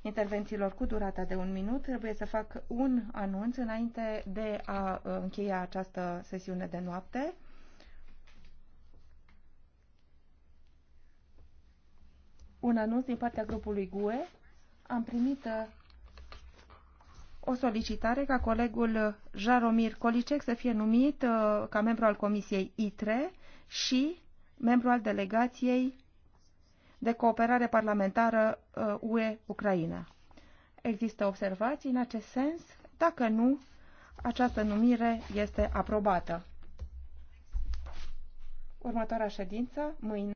intervențiilor cu durata de un minut. Trebuie să fac un anunț înainte de a uh, încheia această sesiune de noapte. Un anunț din partea grupului GUE. Am primit uh, o solicitare ca colegul Jaromir Colicec să fie numit uh, ca membru al Comisiei ITRE și membru al delegației de cooperare parlamentară UE-Ucraina. Uh, Există observații în acest sens? Dacă nu, această numire este aprobată. Următoarea ședință, mâine.